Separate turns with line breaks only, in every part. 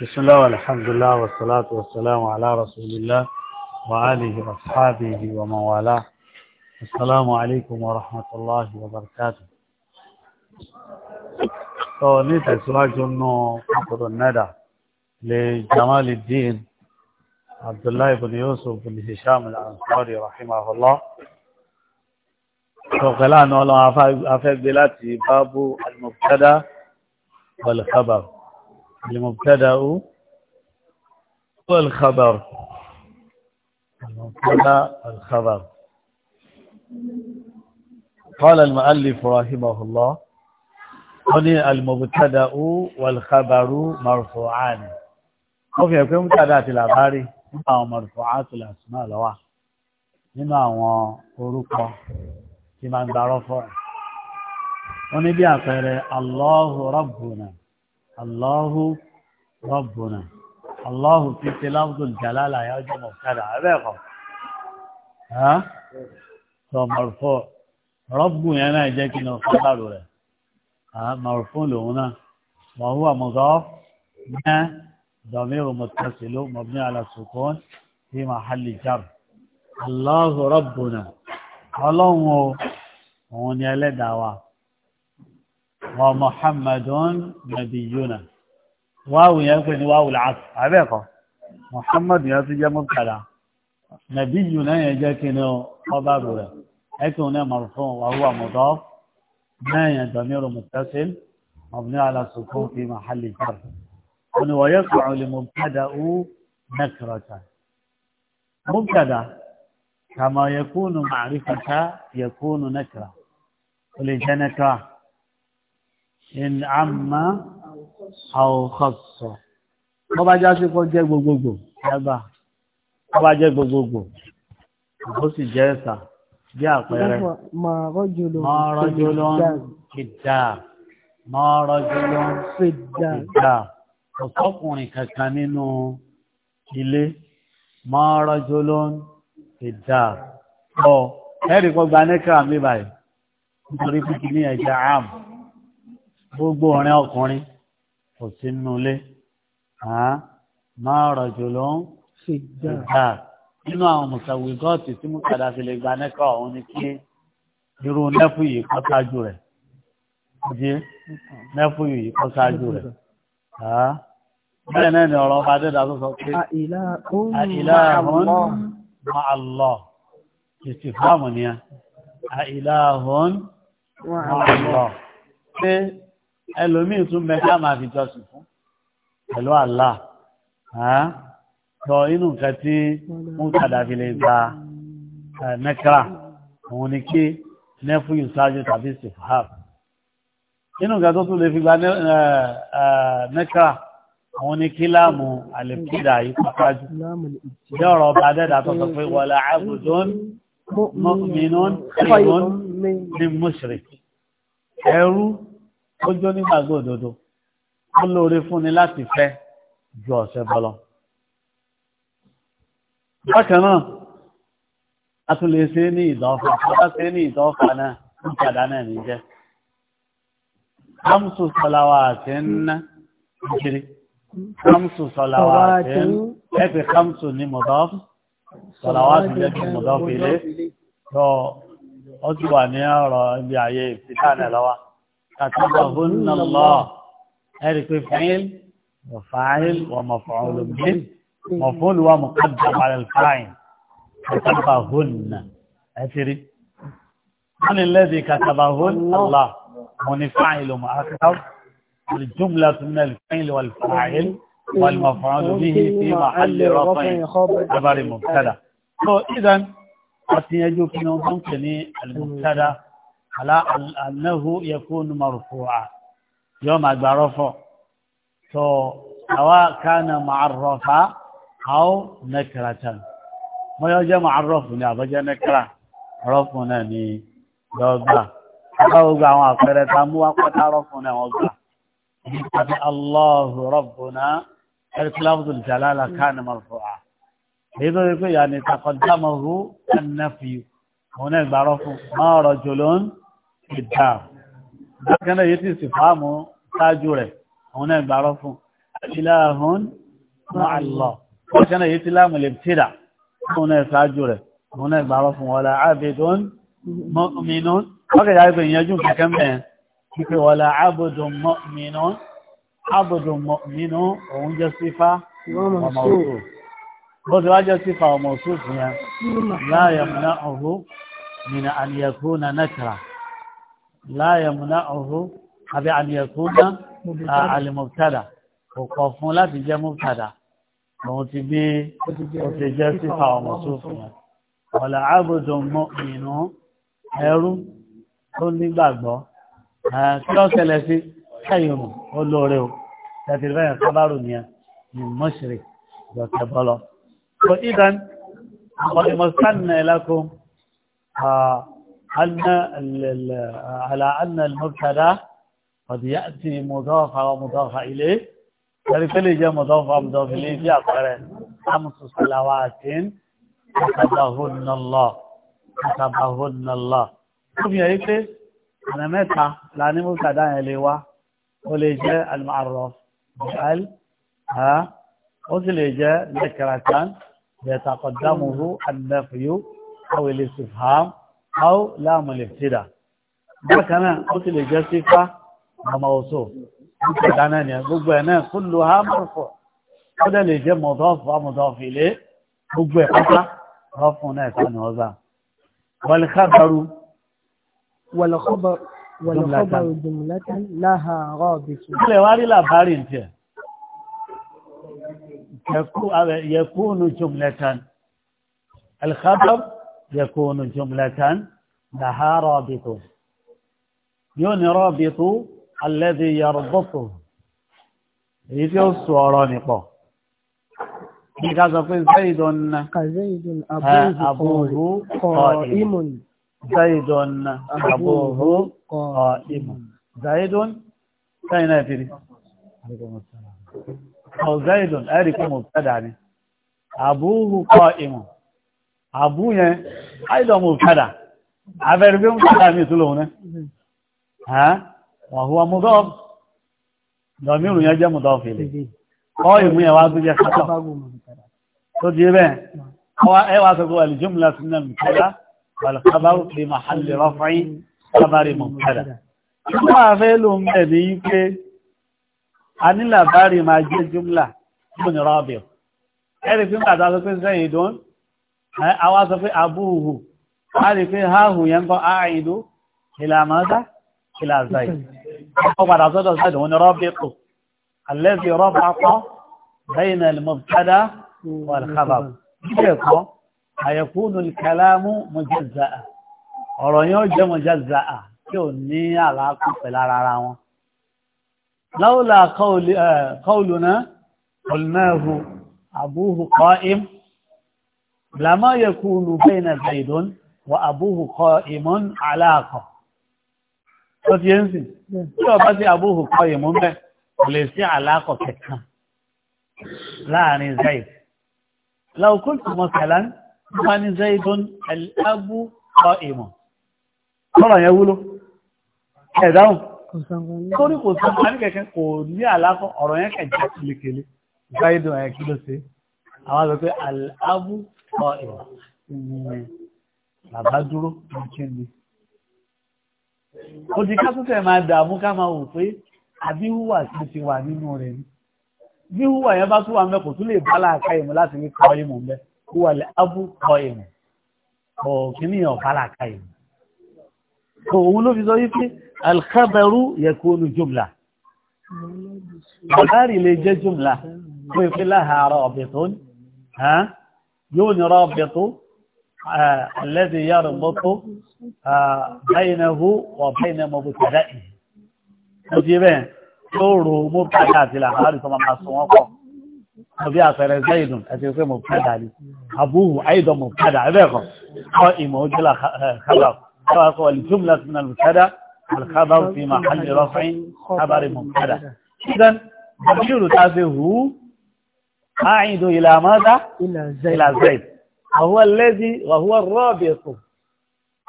بسم الله والحمد لله والصلاة والسلام على رسول الله وآله وأصحابه ومن والاه السلام عليكم ورحمة الله وبركاته so ní tẹ̀síwájú nù kọ́kọ́rọ̀ nẹ́dà lè Jamaluddin Abdullahi bin Yusuf bin Hisham al-Ansari rahimahullah sọ̀kẹ́lá ní ọlọ́run afẹ́gbé láti bábú al-mubtada wal khabar المبتدا والخبر المبتدا والخبر قال المؤلف رحمه الله هنا المبتدا والخبر مرفوعان او في يكون مبتدا الخبر او مرفوعات الاسماء لو هنا هو اوروكو كما ندارفه وني بيان الله ربنا الله ربنا الله في لفظ الجلالة يا جو مبتدع بيقى ها تو مرفوع رب يانا جاكي نخبر له ها مرفوع لهنا وهو مضاف ما ضمير متصل مبني على السكون في محل جر الله ربنا الله هو هو نيالي دعوه ومحمد نبينا واو يكون واو العصر عبيقه محمد يسجى مبتدا نبينا يجاكن خبر يكون مرفوع وهو مضاف ما ضمير متصل مبني على السكون في محل جر ويقع لمبتدا نكره مبتدا كما يكون معرفة يكون نكرة ولجنكرة in amma àwòkọ̀sọ̀ bọ́ bá já sí kó jẹ́ gbogbogbò ẹgbà bọ́ bá jẹ́ gbogbogbò ó sì jẹ́ ẹ̀sà bí àpẹẹrẹ mọ̀ rọ́jò ló ń kìdá mọ̀ rọ́jò ló ń kìdá ọ̀sọ́kùnrin kankan nínú ilé mọ̀ rọ́jò ló ń kìdá ọ̀ ẹ̀rì kọ́ gba báyìí nítorí pé ní ẹ̀jẹ̀ àmì gbogbo ọ̀rìn ọkùnrin kò sí nínú ilé máa rọ̀jò ló ń ṣèjà nínú àwọn mùsàwì gọ́ọ̀tì tí mùsàdá fi lè gba nẹ́kọ̀ ọ̀hún ni kí irú nẹ́fù yìí kọ́ ṣáájú rẹ̀ ọdí nẹ́fù yìí kọ́ ṣáájú rẹ̀ bẹ́ẹ̀ náà ni ọ̀rọ̀ ọba dẹ́dà tó sọ pé àìlá ọ̀hún máa lọ ìsìfàmù ni àìlá ọ̀hún máa lọ pé ẹlòmíì tún mẹ́ta máa fi jọsìn fún pẹ̀lú àlá sọ inú nǹkan tí wọ́n padà fi lè gba nẹ́kírà òun ni kí nẹ́fù ìṣáájú tàbí sèfàb inú nǹkan tó tún lè fi gba nẹ́kírà òun ni kí láàmù àlèkídà yìí pàpájú jẹ́ ọ̀rọ̀ ọba adẹ́dà tó sọ pé wọlé àbùdón mọ́kùnmínú ẹ̀rọ ní mùsùlùmí ẹrú ó jó nígbàgbọ́ òdodo ó lóore fún ni láti fẹ́ ju ọ̀sẹ̀ bọ́lọ. bákan náà a tún lè ṣe ní ìdánfà bá ṣe ní ìdánfà náà ń padà náà ní jẹ́ hamsu salawatin ná kiri hamsu salawatin ẹgbẹ̀ hamsu ní mọ̀dọ́f salawatin lẹ́gbẹ̀ mọ̀dọ́f ilé tó ó ti wà ní ọ̀rọ̀ ibi ayé ìfìtà lọ́wọ́ كتبهن الله هذه فعل وفاعل ومفعول به مفعول ومقدم على الفاعل كتبهن أثري من الذي كتبهن الله من فاعل مؤخر الجملة من الفعل والفاعل والمفعول به في محل رفع خبر مبتدا إذا قد يجوك أن تنقني المبتدا àlá ànáhu yakunu marfu'a yóò máa gba rọ́fọ̀ tó àwa kánà ma'arrafa aw nakratan mọ́yọ́ jẹ́ ma'arrafu ni àbọ́jẹ́ nakra rọ́fù náà ni lọ́gbà báwo gba àwọn àpẹẹrẹ ta mú wá pátá rọ́fù náà wọ́n gbà nípa ti Allahu rabbuna ẹ̀rìkìláwùdù jàlálà kánà òun náà gbà rọ́fù máa rajulun ìdá bákanáà yìí tí sì fáàmù sáájú rẹ̀ àwọn náà gbàrọ fún ìlàhún mọ́àlọ́ bákanáà yìí tí láàmù lè tíra àwọn náà sáájú rẹ̀ àwọn náà gbàrọ fún wọlá abidun mọ́mìnún ọkẹ̀ yà pé ìyẹnjú kẹ̀kẹ́ mẹ́rin wípé wọlá abudun mọ́mìnún abudun mọ́mìnún òun jẹ́ sífá ọmọ òṣù láyẹ̀ múná ọ̀hún àbí àníyàkúnná àlèmọ̀tàdà ọ̀pọ̀ fún láti jẹ́ mọ̀tàdà òun ti bí ó ti jẹ́ sífà ọmọ sófin ọ̀là àbòdò mọ́ ìnú ẹrú tó nígbàgbọ́ kí ó ṣẹlẹ̀ sí ṣẹ́yìnrún olóore o tẹ̀tì bẹ́ẹ̀ sábàrù ni ni mọ́ṣẹ̀rẹ̀ ìjọkẹ́ bọ́lọ. so idan ọ̀lẹ́mọ̀sánà ẹ̀lákùn أن على أن المبتدا قد يأتي مضافا ومضافا إليه ذلك يعني لي جاء مضافا ومضاف إليه في أقرأ خمس صلوات كتبهن الله كتبهن الله كم يأتي أنا متى لأن المبتدا إليه ولي جاء المعرف بأل ها وزل جاء ذكرة يتقدمه النفي أو الاستفهام aw láàmù lè tíra bákan náà ó sì lè jẹ́ sí fá àmà òṣò nípa ìdáná ni gbogbo ẹ̀ náà kó lo hámọ́fọ̀ ó dẹ̀ lè jẹ́ mọ̀dọ́fù amọ̀dọ́fù ilé gbogbo ẹ̀ pátá rọ́fún náà sánà ọ̀zà wàlìkàbàrú wàlìkàbàrú jùmùlátà láhà rọ́ọ̀bìtì ilẹ̀ wá rí làbárì tí ẹ̀ yẹkúnù jùmùlátà alìkàbàrú يكون جملة لها رابط يون رابط الذي يربطه يجي الصورة نقا كذا زيد زيد أبوه قائم زيد أبوه قائم زيد كاين أفري أو زيد أريكم مبتدعني أبوه قائم àbú yẹn àìlọ́mù padà abẹ́rẹ́ bí ó ń padà mí tó lòun náà wàhùwà mudọ́f dọ̀míru yẹn jẹ́ mudọ́f ilé kọ́ ìmú yẹn wá tó jẹ́ kátọ̀ tó di bẹ́ẹ̀ ẹ wá sọ pé wà lè jùmùlá sí náà mùkẹ́lá wà lè kábàrù pé màhálì ń bẹ̀ ní sẹ́yìn dùn àwa sọ pé abúhù a rí pé háhù yẹn kọ́ àìdó ìlàmọ́sá ìlàzáì ọ padà sọ́dọ̀ sáàdì wọn ni rọ́bìtò alẹ́sì rọ́bàpọ̀ bẹ́yìnà ilmọ̀tádá wàlkàbàbù ẹ̀kọ́ àyẹ̀kúnù kalamu mujazza'a ọ̀rọ̀ yóò jẹ́ mujazza'a tí ò ní kọ́ eh, im lámá yẹ kú olùgbé iná zaidon wà abúhù kọ ìmọ̀n aláàkọ̀ tó ti yẹn sì tí ọba sí abúhù kọ ìmọ̀n bẹ́ kò lè sí aláàkọ̀ kẹkàn láàrin zaid láwùkún tó mọ sàlán wọn ni zaidon alábù kọ ìmọ̀n tọ́rọ̀ yẹn wúlò ẹ̀dáhùn torí kò sọ fún akẹ́kẹ́ kò ní àlákọ̀ ọ̀rọ̀ yẹn kẹjá kìlìkìlì zaidon ẹ̀kí ló ṣe àwọn àgbẹ̀ pé alábù ọ ìwà bàbá dúró kí ni ó ti kápútẹ̀ máa dààmú ká máa wò pé àbí hùwà tí ó ti wà nínú rẹ̀ ni bí hùwà yẹn bá tún wà mẹ́kò tún lè bá láàká ìmọ̀ láti ní kọ́ ìmọ̀ mẹ́ hùwà lẹ́ ábú kọ́ ìmọ̀ ọ̀kíní ọ̀bá láàká ìmọ̀ tó òun ló yóò ní rọ́bẹ̀tó alẹ́dì yára mọ́tò báyìnàhú wà báyìnàmọ́ bó tẹ̀dá ìyí ó ti bẹ́ẹ̀ yóò rò mú pàdé àti làhárì tó máa sọ wọ́n pọ̀ ọbí àfẹ́rẹ́ zaidun àti pé mọ̀ pàdà rí abúhù àìdọ̀ mọ̀ pàdà ẹ̀bẹ̀kọ̀ kọ́ ìmọ̀ ojúlá kábàkù kọ́wàá kọ́ ìjúmlá sí alùkádà alùkábàkù fi máa hàn lè rọ́fẹ́ kábàrí mọ̀ pàdà. أعيد إلى ماذا؟ إلى زيد إلى زيد وهو الذي وهو الرابط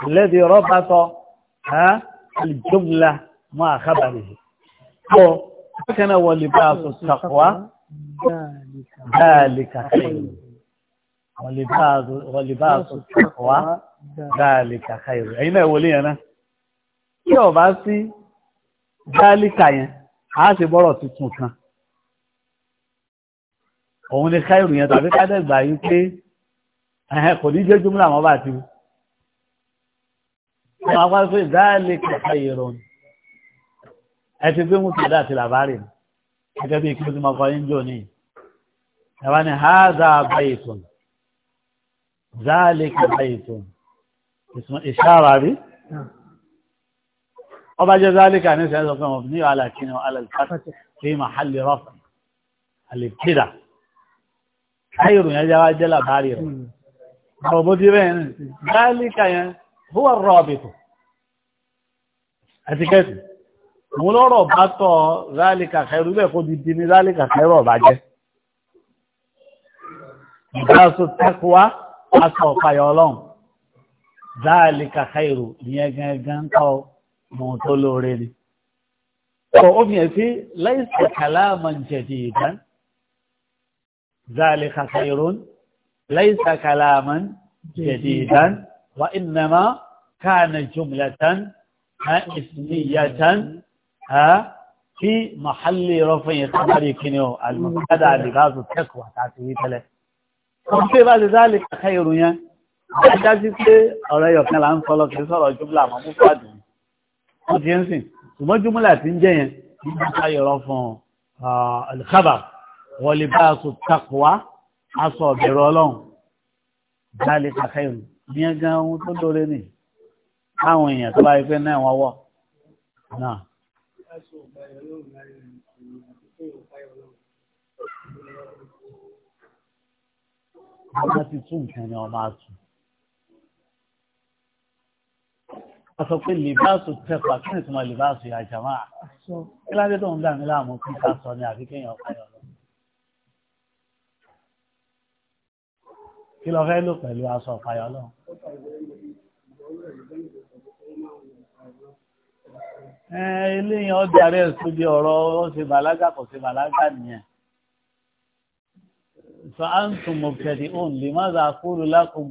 الذي ربط ها الجملة مع خبره هو كان وكان ولباس التقوى ذلك خير ولباس ولباس التقوى ذلك خير أين أولي أنا؟ يو bá ذلك dálíkà yẹn a ṣe òun ni káìrù yẹn tàbí kádẹ́gbà yìí pé ẹ̀hẹ́ kò ní jẹ́ jùmúlà wọn bá ti wù. wọ́n á wá pé dáàlì kẹta ìrọ̀ ni ẹ ti gbé mùsùlùmí àti làbárì ni gẹ́gẹ́ bí kí ó ti mọ ọkọ yín jò ní. ẹ wá ní háàdà àbáyé tòun dáàlì kẹta ìtòun ìṣàrà rí ọba jẹ́ dáàlì kà ní sẹ́yìn sọ pé wọn ní wàhálà kí ni wàhálà kí ni màhálì rọ́fà àlèkídà káyọ̀rù yẹn jáwá jẹ́ làbárí rẹ̀ àwọn hmm. bó ti bẹ́ẹ̀ ní dáálíkà yẹn bó wà rọ̀ ọ̀bìtò àtikẹ́tì mo lọ́rọ̀ bá tọ́ dáálíkà kẹrù bẹ́ẹ̀ kó di ní dáálíkà kẹrù ọ̀bá jẹ́ ìdásù tẹ́kùwá aṣọ ọ̀páyọ ọlọ́run dáálíkà kẹrù ìyẹn gangan tọ́ mọ̀ tó lóore ni. ó fi hàn láìsí kàlámà jẹ̀dì ìdán ذلك خير ليس كلاما جديدا وإنما كان جملة اسمية في محل رفع خبر كنيو المبتدا لغاز التقوى تعطيه له ففي بعد ذلك خير يا dájú pé ọ̀rọ̀ ẹyọ kan là ń sọlọ kì í sọ̀rọ̀ jùmùlà àmọ́ mú fàdù wọ́n ti ń sìn ṣùgbọ́n jùmùlà ti ń jẹ́ yẹn nígbà tá yọ̀rọ̀ fún alìkábà wọ́n lè bá aṣọ takwa aṣọ ọ̀bẹ̀rẹ̀ ọlọ́run dálé kàkà ìlú ìyẹn gan ohun tó lóore nì káwọn èèyàn tó bá rí pé náà wọ́n wọ̀ náà. Ọba ti tún nǹkan ni ọba tún. A sọ pé lìbáàsù tẹ̀pà kí ni ìtumọ̀ lìbáàsù ìyá jàmáà? Kí ládé tó ń dà mí láàmú kí ká sọ ni àbí kéèyàn ọ̀pá yọ̀ lọ? kí lọ fẹ́ lò pẹ̀lú aṣọ ọ̀fàyọ́ náà. eléyìn ọdẹ ààrẹ ẹ̀sùn bí ọ̀rọ̀ ọ̀ṣẹ̀ bàlágà kò ṣe bàlágà nìyẹn. sọ antum mọ̀kẹ́dì òun lè má dà kúrò lákòó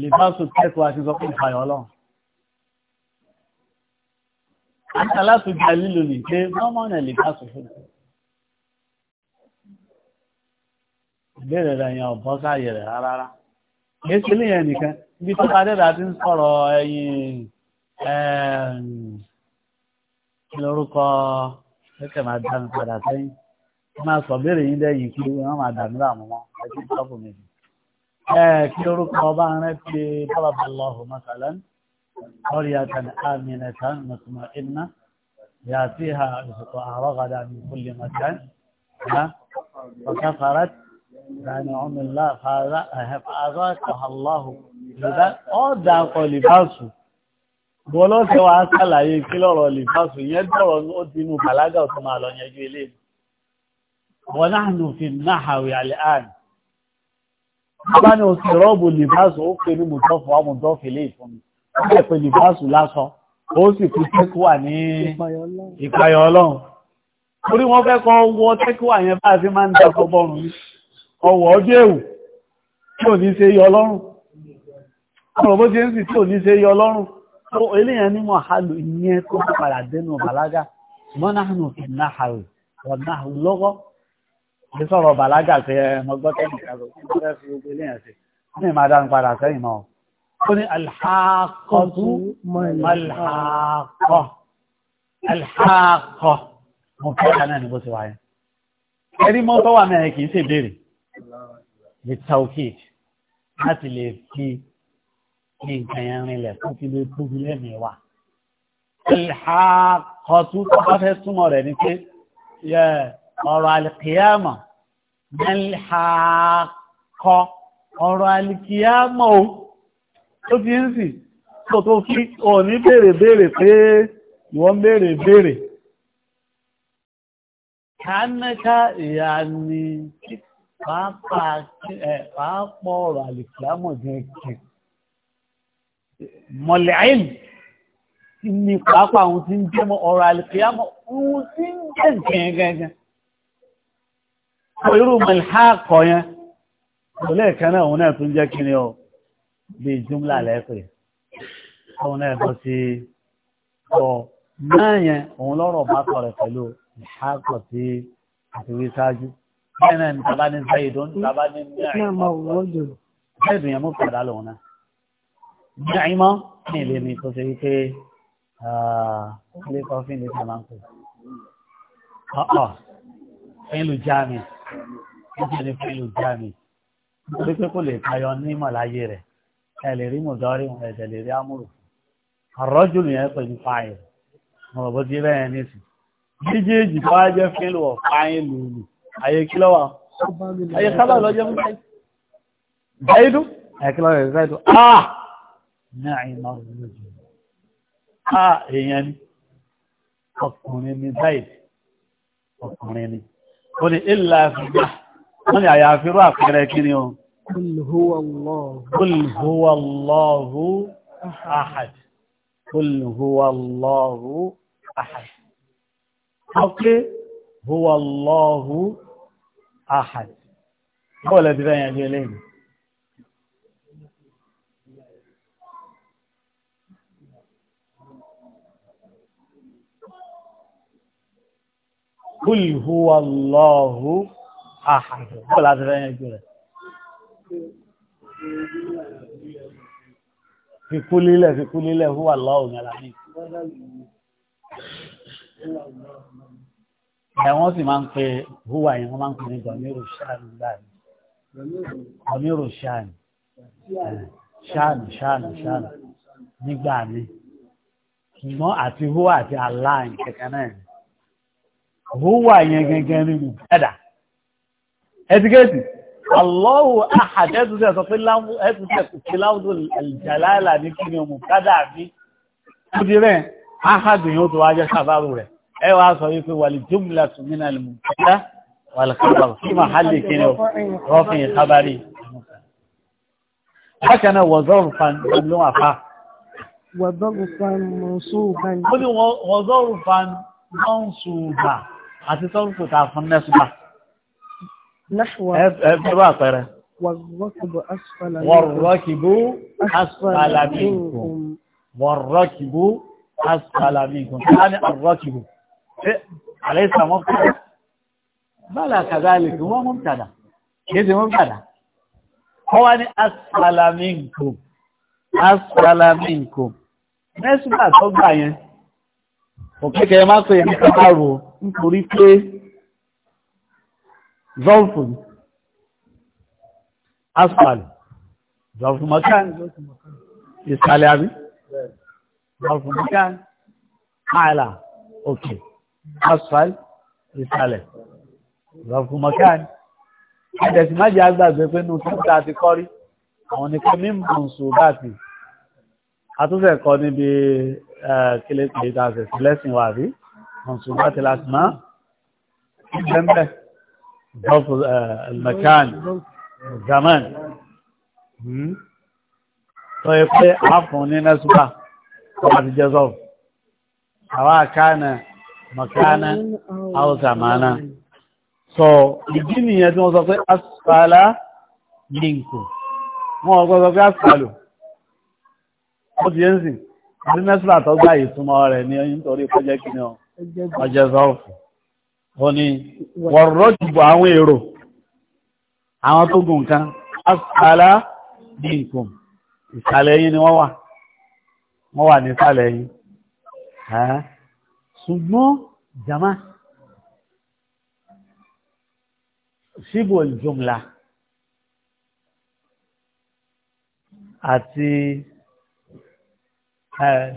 lè bá sùn kẹ́kọ̀ọ́ àti sọ fún ìfàyọ́ náà. àtàlátù jalílò nìké mọ́mọ́nà lè bá sùn fún ìfàyọ́. ìbéèrè rẹ̀ yẹn ọ̀bọ́ sáàyè rẹ̀ rárá kìí ṣe lè kan, nìkan ibi tó padà dà ti ń sọ̀rọ̀ ẹyin lórúkọ ẹsẹ̀ máa dá mi padà sẹ́yìn máa sọ béèrè yín lẹ́yìn kí wọ́n máa dà mí láàmú mọ́ ẹtí sọ́ọ̀bù mi jù. kí lórúkọ ọba rẹ̀ ti bábàbà lọ́hùn mọ́sálán ọ̀rẹ́ àtàn àmì nẹ̀tàn mùsùlùmá ìrànà ọmọ ìlà fàárá kọ̀hálàhù ọ dákọ̀ lìbáṣù bọ́ lọ́sẹ̀ wá sàlàyé kí lọ́rọ̀ lìbáṣù yẹn dọ̀rọ̀ ó ti inú bàlágà tó máa lọ yẹjú ilé wọn náà nù fi náhàwì àlẹ́àn bá ní o sì rọ́ọ̀bù lìbáṣù ó pè ní mùtọ́fù amùtọ́fù ilé ìfún mi fẹ́ kọ́ wọ tẹ́kùwà yẹn bá a máa ń dẹ́kọ̀ bọ́rùn yìí ọwọ̀ ọjọ́ èwù tí ò ní ṣe yọ lọ́rùn ọ̀rọ̀ bó ṣe ń sì tí ò ní ṣe yọ lọ́rùn tó eléyàn ní mọ̀hálù ìyẹn tó padà dẹnu bàlágà mọ́nàánù ìnáhàrù ọ̀nà lọ́gọ́ ní sọ̀rọ̀ bàlágà pé mọ́gbọ́tẹ́nì kàrò tó fẹ́ fi gbogbo eléyàn sí ní ìmádánù padà ẹni mọ́tọ́ wà náà kì í ṣèbéèrè بالتوكيد láti lè fi ní nǹkan yẹn rinlẹ̀ tó fi lè tóbi lẹ́mìí wa. Ìlhàkọ̀tú tó bá fẹ́ túmọ̀ rẹ̀ ni pé ọ̀rọ̀ alìkìyàmọ̀ ìlhàkọ̀ ọ̀rọ̀ alìkìyàmọ̀ o tó fi ń sì tó tó fi òní béèrè béèrè pé ìwọ ń béèrè béèrè. Kánẹ́ká ìyá ni pàápọ̀ ọ̀rọ̀ àlìkìámọ̀ gẹ̀ẹ́gẹ̀ mọ̀lẹ́àìlì tí ní pàápàá ohun tí ń jẹ́ mọ́ ọ̀rọ̀ àlìkìámọ̀ ohun tí ń jẹ́ gẹ̀ẹ́gẹ̀ irú mọ̀lẹ́àkọ̀ yẹn kò lẹ́ẹ̀kan náà òun náà tún jẹ́ kí ni ọ bí jùmlà lẹ́pẹ̀ òun náà bọ́ sí ọ náà yẹn òun lọ́rọ̀ bá kọ̀ rẹ̀ pẹ̀lú ìhàkọ̀ tí àti ṣáájú bẹ́ẹ̀ náà ní tàbá ní zayidun tàbá ní zayidun yẹn mú padà lòun náà ní àyímọ́ ní ilé mi tó ṣe wípé ilé kọfí ní tàmánkù ọ̀ọ̀ fẹ́lú jámi níbi ní fẹ́lú jámi nítorí pé kò lè tayọ nímọ̀ láyé rẹ̀ ẹ lè rí mùdọ́rí ẹ̀dẹ̀ lè rí amúrù àrọ́jù nìyẹn pẹ̀lú fáyìn mọ̀ bó ti bẹ́ẹ̀ nísìn méjèèjì tó wá jẹ́ fẹ́lú ọ̀fáyìn lòlù ayé kí lọ́wọ́ ayé sábà lọ jẹ́ fún zaidu ayé kí lọ́wọ́ rẹ̀ zaidu ah náà ìmọ̀ lójú ah èèyàn ni ọkùnrin ni zaidu ọkùnrin ni ó ní ilà àfíjà wọ́n ni àyàfi rú àpẹẹrẹ kí ni o Qul ahad Qul ahad ọkùnrin huwa Allahu ahad bọ́ọ̀lù ẹ̀dí bẹ́ẹ̀ yẹn ju eléyìí. Kul huwa Allahu ahad bọ́ọ̀lù ẹ̀dí bẹ́ẹ̀ yẹn ju rẹ̀. Fi kú lílẹ̀ fi kú lílẹ̀ huwa àwọn sì máa ń pe húwà yìí wọ́n máa ń pè ní dọ̀míro ṣáàlù báyìí dọ̀míro ṣáàlù ṣáàlù ṣáàlù ṣáàlù nígbà mi ṣùgbọ́n àti húwà àti aláàyìn kẹ̀kẹ́ náà ni húwà yẹn gẹ́gẹ́ nínú ẹ̀dà ẹtíkẹ́tì Allahu ahad ẹ̀tùsẹ̀ sọ pé láwùdó jàlálà ní kí ni ọmọ kádà mi ó di yóò tó wájẹ́ sábàrù rẹ̀ ẹ wá sọ wípé wàlì jùmùlà tùmínà lùmùkúta wàlì kábà sí màhálì kíni o rọ́fìn kábàárì. bákan náà wọ̀zọ́rù fan ló wà fa. wọ̀zọ́rù fan mọ̀nsúùbà. ó ní wọ̀zọ́rù fan mọ̀nsúùbà àti sọ́rùkù tá a fún nẹ́sùbà. ẹ bá àpẹẹrẹ. والركب أسفل منكم والركب أسفل منكم والركب أسفل منكم يعني الركب أليس مبتدا بلى كذلك هو مبتدا كيف مبتدا هو أن أسفل منكم أسفل منكم نسبة تبقى يعني òkè kẹrẹ máa pè ní kàárò nítorí pé zolfun asfal zolfun makan ìsàlẹ̀ àbí zolfun makan àìlà òkè asfal ìsàlẹ̀ ìrọ̀fún mọ̀káàní ẹ̀dẹ̀sì má jẹ́ agbàgbé pé nù títà ti kọ́rí àwọn ni kí mímọ̀ ń sùn bá ti atúnfẹ́ kọ́ níbi kílẹ̀kì ìdáṣẹ̀ sílẹ̀sìn wà rí ọ̀sùn bá ti láti máa ìgbẹ́m̀bẹ̀ ìrọ̀fún mọ̀káàní zaman tó hmm. yẹ pé àfún ní nẹ́sùpá tó bá ti jẹ́ sọ́ọ̀ àwọn àkáà náà mọ̀kánà àwọ̀sàmánà sọ ìdí nìyẹn tí wọ́n sọ pé asfala yínkù wọ́n ọgbọ́ sọ pé asfalo ó ti yẹn sì ní mẹ́sìlá tó gbá ìtumọ̀ rẹ̀ ní nítorí pẹ́jẹ́ kí ni ọjẹ́ sọ́ọ̀fù ó ní wọ̀rọ̀ jùbọ àwọn èrò àwọn tó gùn kan asfala yínkù ìsàlẹ̀ yín ni wọ́n wà wọ́n wà ní ìsàlẹ̀ yín ṣùgbọ́n jama ṣíbò jùmla àti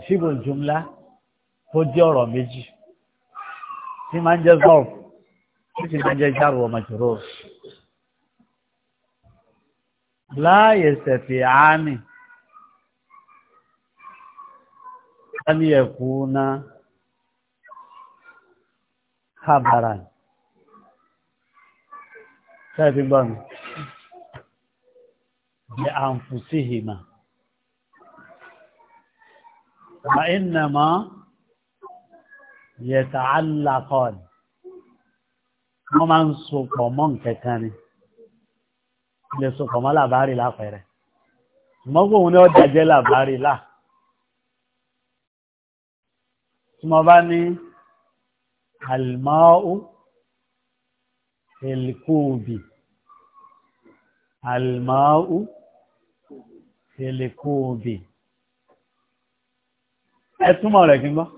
ṣíbò jùmla ó jẹ́ ọ̀rọ̀ méjì tí máa ń jẹ́ zọ́ọ̀f tí sì máa ń jẹ́ jáàrù ọmọ jùrọ̀ láàyè sẹ̀fì àánì ká ní ẹ̀kú náà kábàárà ni ṣáàtì gbọ́ mi bí àǹfùsíhìmà ma iná ma yẹta alákọ̀ ni wọ́n máa ń sopọ̀ mọ́ nkẹ̀kan ni ilé sopọ̀ mọ́ làbárì lápẹẹrẹ mọ́gbọ̀n òun ni ó dàjẹ́ làbárì láà tí mo bá ní àlmáù ẹ̀lẹ́kọ́ọ̀bì àlmáù ẹ̀lẹ́kọ́ọ̀bì ẹ túmọ̀ rẹ̀ kí n gbọ́.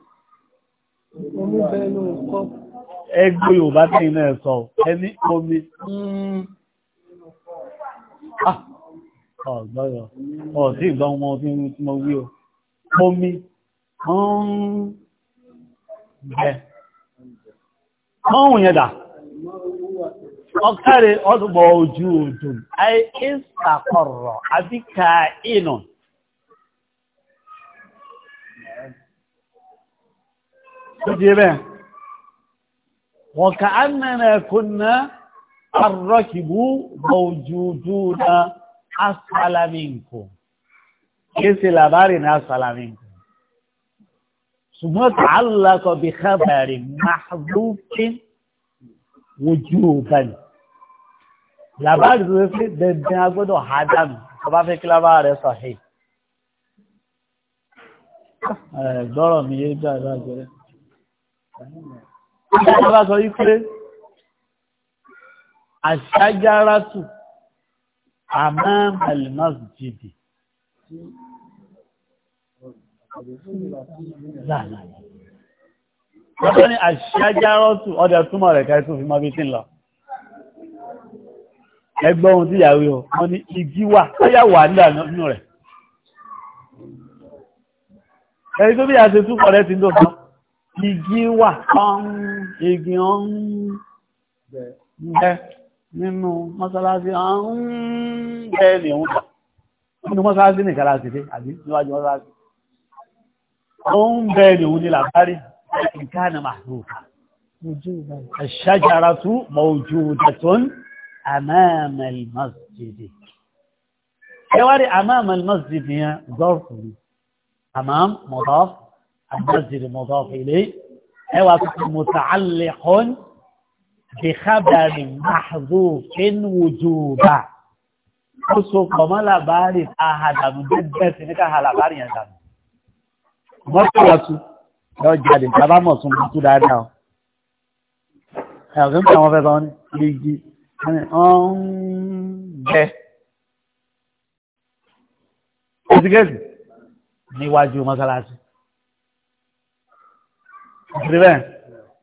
omi bẹnu kọ́. ẹ gbé yorùbá tí iná ẹ sọ ẹ ní omi. Ah, ọ̀gbọ́yọ̀ ọ̀tí ìgbọ́n ọmọ tí mo wí o omi bẹ́ẹ̀ ọ̀hún yẹn dà ọkàrẹ ọdúnbọ̀ ojú òdùn ayé ìsàkọ̀rọ̀ àbíkà ìnà ojebe wọ̀ka annana kunna arrakibu mawjuduna asfala minkum kesi labari na asfala minkum ṣùgbọ́n tààlàkọ̀ bí kábàárì máàlúkì wojú ọba ni làbáàrí tó fi dandan agbọ́dọ̀ ha dànù ọba fẹ́ kílábà rẹ̀ sọ̀hìn gbọ́rọ̀ mi yé gbà lágbẹ̀rẹ̀ ọba sọ yí pé láàlàyé. Wọ́n ní àṣájárọ́tù ọdẹ túnmọ̀ rẹ̀ káì tó fi mọ́ bí tí ń lọ. Ẹgbọ́n ohun tí ìyàwó o, wọ́n ní igi wà, ó yà wà nínú rẹ̀. Ẹni tó bí a ṣe túnmọ̀ rẹ̀ ti ń dòkan, igi wà kan, igi ọ̀hún bẹ nínú mọ́sálásí ọ̀hún bẹ́ẹ̀ ni òun tà. Nínú mọ́sálásí nìkan láti dé, àbí níwájú mọ́sálásí an bayani wani labari in kana mahrufa الشجرة موجودة أمام المسجد يواري أمام المسجد هي ظرف أمام مضاف المسجد مضاف إليه أيوة متعلق بخبر محذوف وجوبا وسوف ما لا بارد أحد من جدة نكاح لا بارد mọ́tò ọ̀tún lọ jáde bàbá mọ̀ tún mọ́ tún dáadáa o ẹ̀rọ nípa àwọn fẹ́ sọ ní igi ọ̀nbẹ ẹ̀sìkẹ́sì níwájú mọ́sálásí ìrìbẹ̀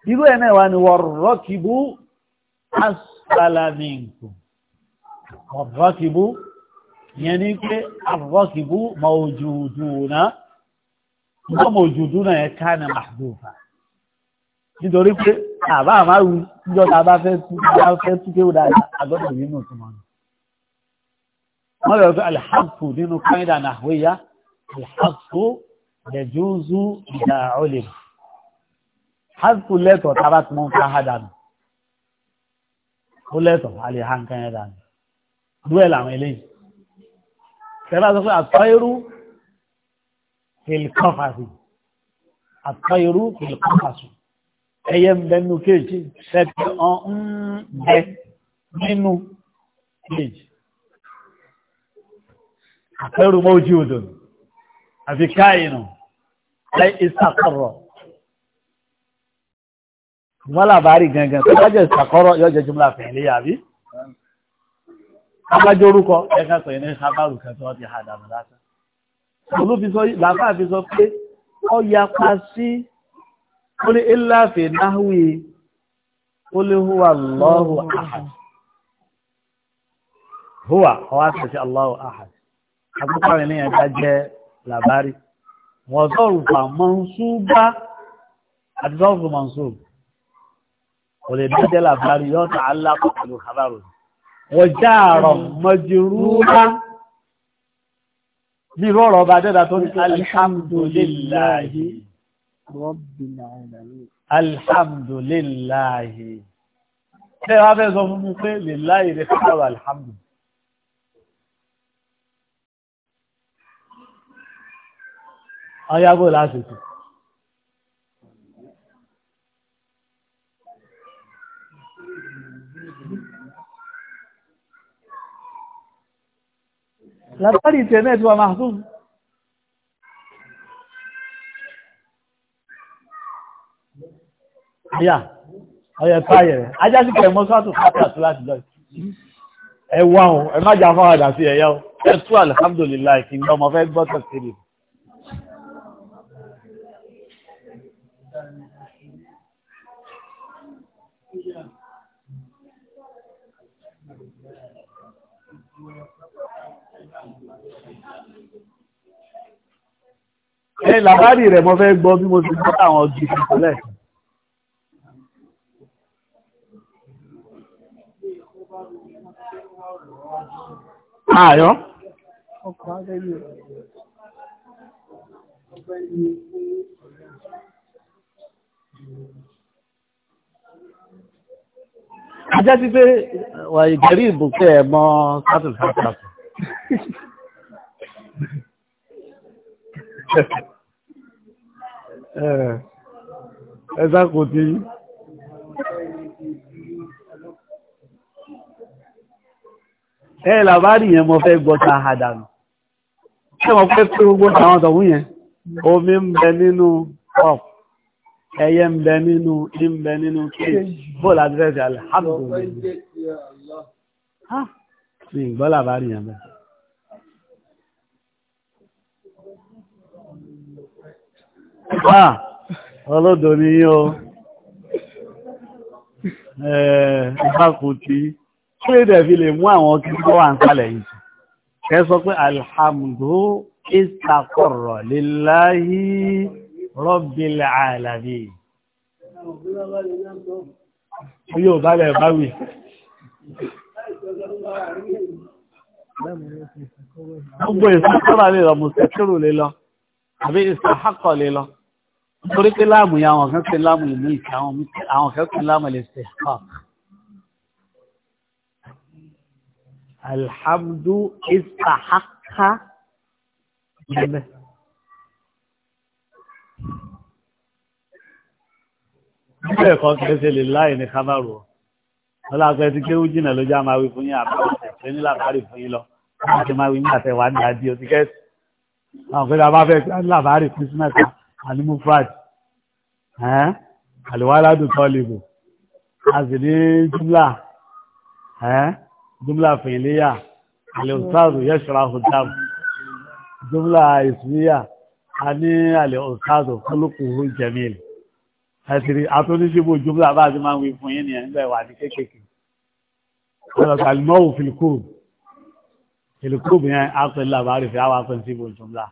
irú ẹ̀ náà wà ní wọ̀rọ̀kìbú asàlámìnkù wọ̀rọ̀kìbú yẹn ní pé àrọ̀kìbú mọ̀ ojú ojú náà ṣùgbọ́n mo jùdú náà ẹ̀ ká ní màdùfà nítorí pé àbá àmárù níjọ tá a bá fẹ́ tú bá fẹ́ tú kéwù dáadáa àgọ́dọ̀ nínú ìtumọ̀ ni. wọ́n lọ sí alhàfù nínú kọ́ńdà náà wíyá alhàfù lẹ́jọ́zú ìjà ọ̀lẹ̀. hàfù lẹ́tọ̀ tá a bá ti ká há dànù. ó lẹ́tọ̀ alẹ́ há nǹkan yẹn làwọn eléyìí. tẹ́lá sọ pé àtọ́ irú filkọ́fàsì àtọ́ irú filkọ́fàsì ẹyẹ ń bẹ nínú kéèjì ṣẹ́tì ọ̀n ń bẹ nínú kéèjì àfẹ́rù mọ́jú odò àfi káyìnà láì ìsàkọ̀rọ̀ ṣùgbọ́n làbárí gangan tó bá jẹ́ ìsàkọ̀rọ̀ yóò jẹ́ jùmọ́lá fẹ̀yìnlé yàbí abájórúkọ ẹ̀ka pẹ̀lú sábàrù kẹtọ́ ti hàdàmù lásán olúfisọ làbá fi sọ pé ọ yapa sí ó ní iláàfẹ́ náhùí ó lè húwà lọ́rù àhàd húwà ọwá tẹ̀sí aláwọ̀ àhàd agbókàrin ní ẹ̀dá jẹ́ làbárí wọ́n sọ́rùfà mọ́nsúbá àti sọ́rùfà mọ́nsúbá ó lè dájẹ́ bí rọrọ̀ ọba dẹ́dà tó ní alhamdulillahi rabbil alamin alhamdulillahi ṣe wá fẹ́ sọ fún mú pé lèláì rẹ̀ fẹ́rọ̀ alhamdu ọyábò lásìkò labari tẹ̀ náà tí wà máa fún àyà ọ̀yẹ̀ si rẹ̀ ajá sí kẹ̀ mọ́sátù fàtàtù láti lọ ẹwà ohun ẹ má jà fọ́nà dà sí ẹ̀yà ẹ̀ tú alhamdulillah kí ní ọmọ fẹ́ gbọ́tọ̀ sílẹ̀ ẹ làbárì rẹ̀ mo fẹ́ gbọ́ bí mo ti gbọ́ àwọn ọdún ìpínlẹ̀ ààyọ́ ajá ti pé wà ìgbẹ̀rí ìbùkẹ́ ẹ̀mọ́ sátìlì sátìlì Eh, ẹ̀sà kò tí ẹ̀ làbárì yẹn mọ́ fẹ́ gbọ́ta àdànù ẹ̀wọ̀n pẹ́ pé gbogbo àwọn ọ̀tọ̀wún yẹn omi ń bẹ nínú pop ẹyẹ ń bẹ nínú ní ń bẹ nínú kéèjì bóòlù àdírẹ́sì alhamdulillah Ah, ọlọ́dọ̀ ni yíò. Ìbákun ti, kí lè dẹ̀ fi lè mú àwọn kí tó wà ń sálẹ̀ yìí. Kẹ́ sọ pé Alhamdu istaqarra lillahi rabbil alamin. Yóò bá lẹ̀ báwì. Gbogbo ìsàkọ́rọ̀ lè lọ, Mùsùlùmí lè lọ, àbí ìsàkọ́ lè lọ torí pé láàmù yà àwọn kan pé láàmù ìlú ìkà àwọn kan pé láàmù lè ṣe hàn alhamdu istahaka ẹgbẹ́ nígbà ẹ̀kọ́ kẹsẹ̀ lè láì ní kábàrù ọ lọ́pẹ́ tí kéwú jìnà ló já máa wí fún yín àbáwọ̀ ẹ̀fẹ́ nílà bárì fún yín lọ láti máa wí ní àtẹ̀wà ní adí o kẹ́sì àwọn pẹ̀lú abáfẹ́ nílà bárì fún sí mẹ́ta alimufrad aliwaladu tọ́lìbù a sì ní jùmlà jùmlà fìlíyà alìọ̀sáàdù yẹ́ṣọ́ra hùdáàmù jùmlà ìsìníyà a ní alìọ̀sáàdù kọlùkùhù jamil ẹ̀sìrì àtúnṣíbò jùmlà bá ti máa ń wí fún yín nìyẹn nígbà ìwà ní kéékèèké ọlọ́sà alimọ́wù fìlìkúrù fìlìkúrù yẹn á pè lábárí fi àwọn apẹ̀ǹsíbò jùmlà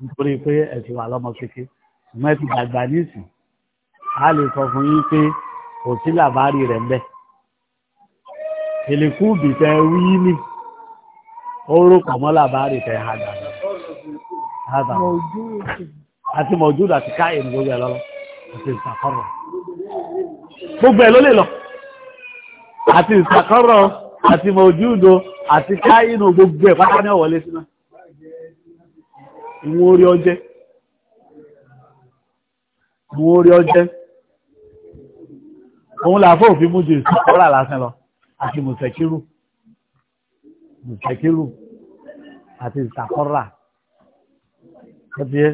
nítorí pé ẹ̀sìn wà lọ́mọ kéékèèké àmọ́ ẹ ti dàgbà nísìn a lè sọ fún yín pé kò sí làbárí rẹ̀ mbẹ́ èlèkú bìtẹ̀ wí ní oró kọ̀mọ́ làbárí tẹ̀ ha dàgbà àti mọ̀júdù àti káyè ní gbogbo ẹ̀ lọ́lọ́ àti ìsàkọ́rọ̀ gbogbo ẹ̀ ló lè lọ àti ìsàkọ́rọ̀ àti mọ̀júdù àti káyè ní gbogbo ẹ̀ pátá ní ọ̀wọ́lé sínú ìwọ̀n orí ọjẹ́ wọ́n rí ọjẹ́ òun làfọ́ òfin mú jù ọ̀rà lásán lọ àti mùsẹ̀kírù mùsẹ̀kírù àti ìsàkọ́rà ọ̀bẹ̀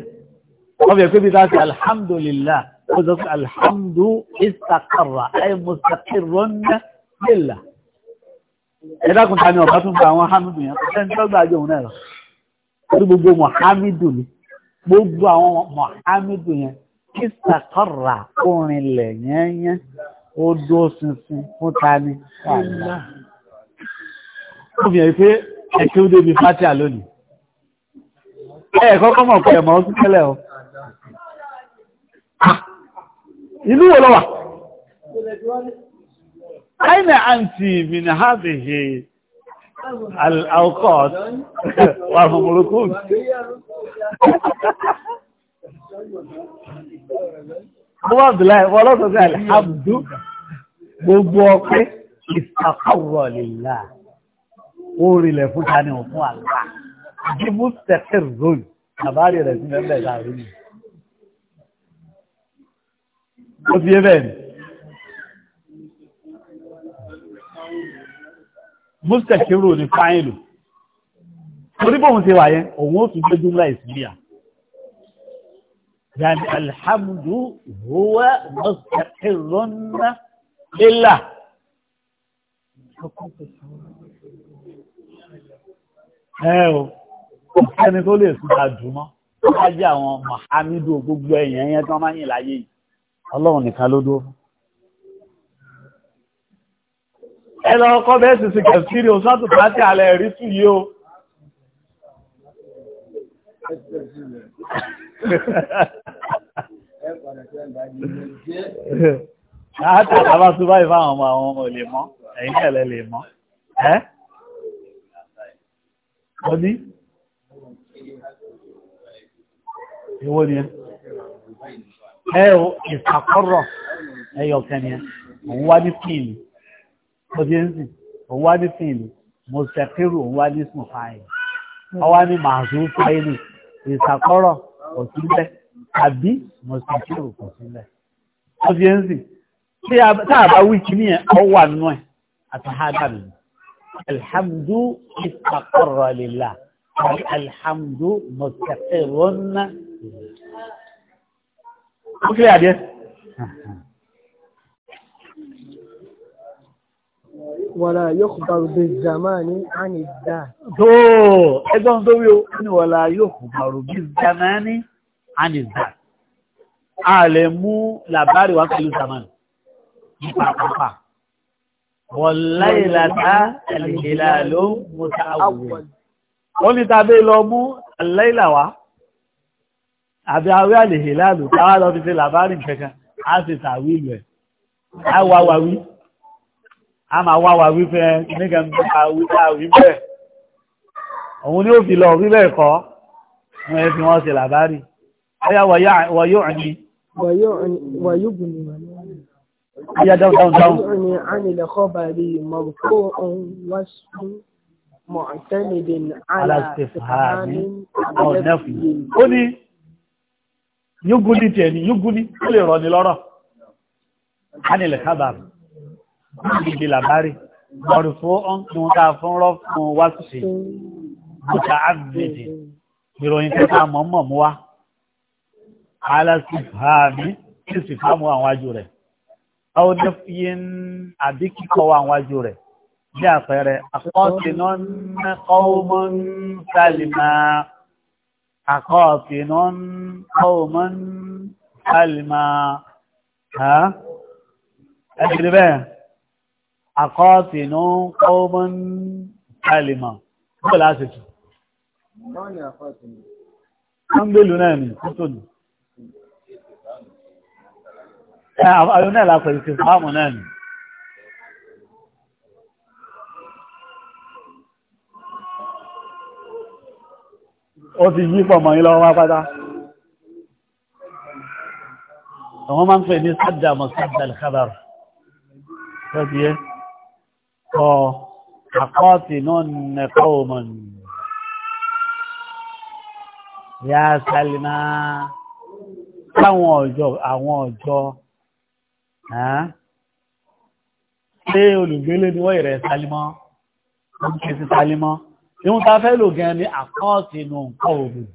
ọ̀bẹ̀ pé bí ká sí alhamdulillah ó sọ pé alhamdu ìsàkọ́rà ẹ̀ mùsẹ̀kírù nílà ẹ̀dàkùn ta ni ọ̀bá tún bá àwọn hamidu yẹn kò sẹ́ni tó gbàgbé òun náà lọ gbogbo mọ̀hámídù ni gbogbo àwọn mọ̀hámídù yẹn ìsàkọ́ra orin lẹ̀ yẹ́nyẹ́ ó dúó sinsin fún ta ní wàhálà. ó fi hàn pé ẹ̀kẹ́ ó débi fátíà lónìí.
ẹ̀ kọ́kọ́ mọ̀ pé ẹ̀mọ́ tẹ́lẹ̀ o.
Ah! ìlú wo lọ wà? aina anti min hadhihi al-awqat wa hum rukun Ọwọ́ Abdullahi wọ́n lọ́sọ̀ sí Alhamdu gbogbo ọpẹ́ ìsàkọ̀rọ̀ lèlá. Ó rilẹ̀ fún ta ni òfún àlá. Jíbú tẹ̀tẹ̀ ròyìn àbárí rẹ̀ sí mẹ́fẹ̀ láàrin mi. Ó fi ébẹ̀ ni. Mústẹ̀kì rò ní fáìlù. Orí bóun ṣe wà òun ó tún gbé يعني الحمد هو مستقر لله ẹ o ẹni tó lè fún àdùmọ́ tó bá jẹ́ àwọn mahamidu gbogbo èèyàn yẹn tó máa yìn láyé yìí ọlọ́run nìkan ló dúró ẹ lọ kọ́ bẹ́ẹ̀ sì sì kẹ̀sìrì o sọ́tù pàtí alẹ́ rí sí yìí o Àátà àbá tó báyìí fáwọn ọmọ àwọn ọmọ lè mọ́, ẹ̀yìn ẹ̀lẹ́ lè mọ́. Ẹ́? Ó ní? Ìwó ni ẹ? Ẹ o, ìsàkọ́rọ̀ ẹyọ kẹni ẹ, òun wá ní fíìlì. Mo ti ń sìn, òun wá ní fíìlì. Mo sẹ̀kírù òun wá ní sùn fáyìn. Ọwá ní màá sùn fáyìn ìsàkọ́rọ̀ òsínbẹ́. àbí ò kò sílẹ̀ ọ́díẹ́nsì tí a bá wí kí ní ẹ̀ wà nú ẹ̀ àtàhádàmì alhamdu istaqarra lillah alhamdu mustaqirrun ó kílẹ̀ àdíẹ́ wàlá yóò bá rúbí zamani ánìdá tó ẹgbọ́n tó wí ó ní wàlá yóò bá rúbí zamani ánìdá and his dad a lè mú làbárì wá pẹ̀lú zaman nípa àpapà wọ̀láìlàtà ẹ̀lìlà ló mú ta àwòrán ó ní tàbí lọ mú aláìlàwá àbí awé àlèhìlà a sì wá wá wí a máa wá wá òun ni ó fi lọ wí bẹ́ẹ̀ wọ́n ẹ fi wọ́n ṣe làbárì Aya wàyúùní. Wàyúùní Aya mọ̀kó ohun wáṣú mọ̀tẹ́lẹ̀dìn alàṣẹ̀fààní yúgúní tiẹ̀ ni yúgúní ó lè rọ̀ ní lọ́rọ̀. Ánìlẹ̀ kọ́bàrí. Ìdí làbárì. Mọ̀rùfó ọ̀n tí wọ́n ta fún rọ́ fún wáṣù sí. Mọ̀tà àbìdì. Ìròyìn tẹ́ta mọ̀mọ̀ mú wá alásìfàmì kí sì fáàmù àwọn ajú rẹ̀ àwọn onífìyín àbí kíkọ́ wà àwọn ajú rẹ̀ bí àpẹẹrẹ àkọ́ọ̀tìnà kọ́ọ̀mọ́ ń sálìmà àkọ́ọ̀tìnà kọ́ọ̀mọ́ ń sálìmà ẹ̀sìn bẹ́ẹ̀ àkọ́ọ̀tìnà kọ́ọ̀mọ́ ń sálìmà bó láti tù wọ́n gbèlú àwọn náà lápẹ̀ ìsìn fáàmù náà nì ó ti yí pọ̀ mọ̀ yí lọ́wọ́ pátá àwọn máa ń pè ní sádà mọ̀ sádà al-khabar ẹ́ kọ àkọ́ọ̀tì náà nẹ̀kọ́ ọmọ ya Salima láwọn ọjọ́ àwọn ọjọ́ ṣé olùgbélé ni wọ́n ìrẹ̀ salimọ́ wọ́n ké sí salimọ́ ìhun ta fẹ́ lò gan ni àkọ́ọ̀tì inú nǹkan ògùn